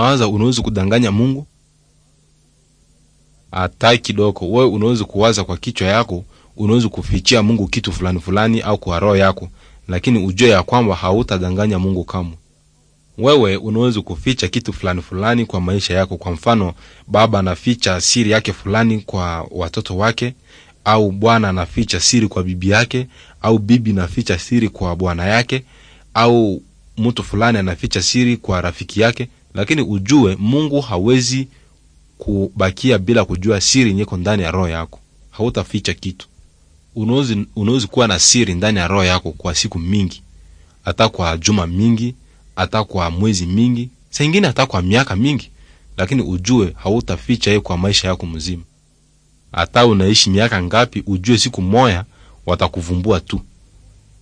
unawaza unaweza kudanganya Mungu? Hata kidogo. Wewe unaweza kuwaza kwa kichwa yako, unaweza kufichia Mungu kitu fulani fulani, au kwa roho yako, lakini ujue ya kwamba hautadanganya Mungu kamwe. Wewe unaweza kuficha kitu fulani fulani kwa maisha yako. Kwa mfano, baba anaficha siri yake fulani kwa watoto wake, au bwana anaficha siri kwa bibi yake, au bibi anaficha siri kwa bwana yake, au mtu fulani anaficha siri kwa rafiki yake lakini ujue Mungu hawezi kubakia bila kujua siri nyeko ndani ya roho yako. Hautaficha kitu. Unawezi kuwa na siri ndani ya roho yako kwa siku mingi, hata kwa juma mingi, hata kwa mwezi mingi, saingine hata kwa miaka mingi, lakini ujue hautaficha hiyo kwa maisha yako mzima. Hata unaishi miaka ngapi, ujue siku moya watakuvumbua tu.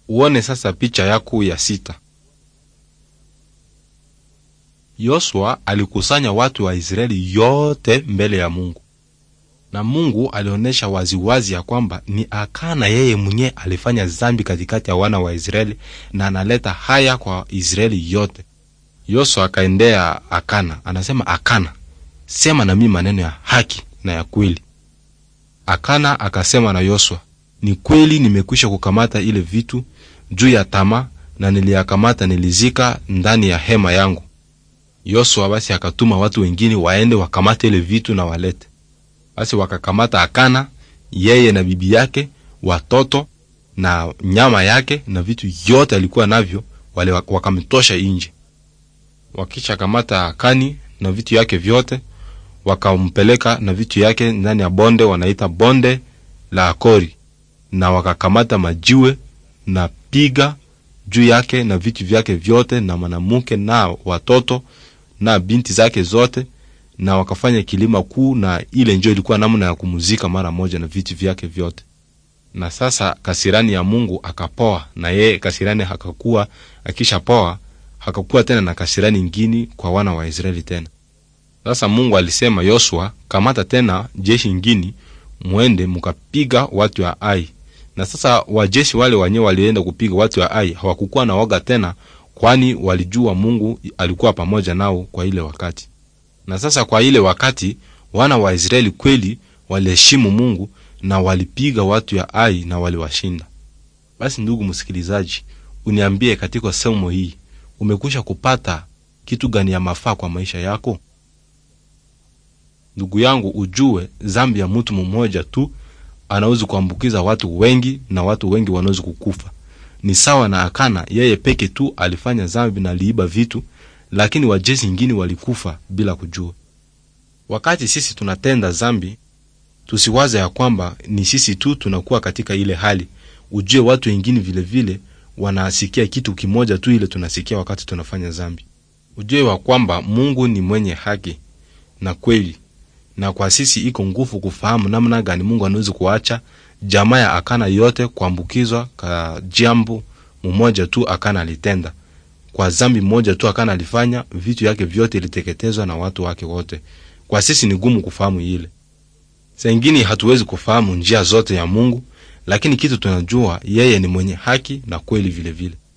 Uone sasa picha yako ya sita yoswa alikusanya watu wa Israeli yote mbele ya Mungu, na Mungu alionyesha waziwazi ya kwamba ni Akana yeye mwenye alifanya zambi katikati ya wana wa Israeli na analeta haya kwa Israeli yote. Yoshua akaendea Akana, anasema, Akana, sema na mimi maneno ya haki na ya kweli. Akana akasema na Yoshua, ni kweli nimekwisha kukamata ile vitu juu ya tamaa, na niliyakamata nilizika ndani ya hema yangu Yosua basi akatuma watu wengine waende wakamate ile vitu na walete. Basi wakakamata Akana, yeye na bibi yake, watoto na nyama yake na vitu yote alikuwa navyo, wale wakamtosha nje. Wakisha kamata Akani na vitu yake vyote, wakampeleka na vitu yake ndani ya bonde wanaita bonde la Akori, na wakakamata majiwe na piga juu yake na vitu vyake vyote na mwanamke na watoto na binti zake zote, na wakafanya kilima kuu, na ile njo ilikuwa namna ya kumuzika mara moja na vitu vyake vyote. Na sasa kasirani ya Mungu akapoa, na yeye kasirani hakakuwa, akishapoa hakakuwa tena na kasirani ngini kwa wana wa Israeli tena. Sasa Mungu alisema Yosua, kamata tena jeshi ngini mwende mukapiga watu ya Ai. Na sasa wajeshi wale wanye walienda kupiga watu ya Ai, hawakukuwa na woga tena kwani walijua Mungu alikuwa pamoja nao kwa ile wakati. Na sasa kwa ile wakati wana wa Israeli kweli waliheshimu Mungu na walipiga watu ya Ai na waliwashinda. Basi ndugu msikilizaji, uniambie katika somo hii umekwisha kupata kitu gani ya mafaa kwa maisha yako? Ndugu yangu, ujue zambi ya mutu mmoja tu anawezi kuambukiza watu wengi na watu wengi wanawezi kukufa ni sawa na Akana, yeye peke tu alifanya zambi na aliiba vitu, lakini wajezi wengine walikufa bila kujua. Wakati sisi tunatenda zambi tusiwaza ya kwamba ni sisi tu tunakuwa katika ile hali. Ujue watu wengine vilevile wanasikia kitu kimoja tu ile tunasikia wakati tunafanya zambi Ujue wa kwamba Mungu ni mwenye haki na kweli, na kwa sisi iko nguvu kufahamu namna gani Mungu anaweza kuacha jamaa ya Akana yote kuambukizwa ka jambo mmoja tu Akana alitenda, kwa zambi mmoja tu Akana alifanya, vitu yake vyote iliteketezwa na watu wake wote. Kwa sisi ni gumu kufahamu ile, sengini hatuwezi kufahamu njia zote ya Mungu, lakini kitu tunajua yeye ni mwenye haki na kweli vilevile vile.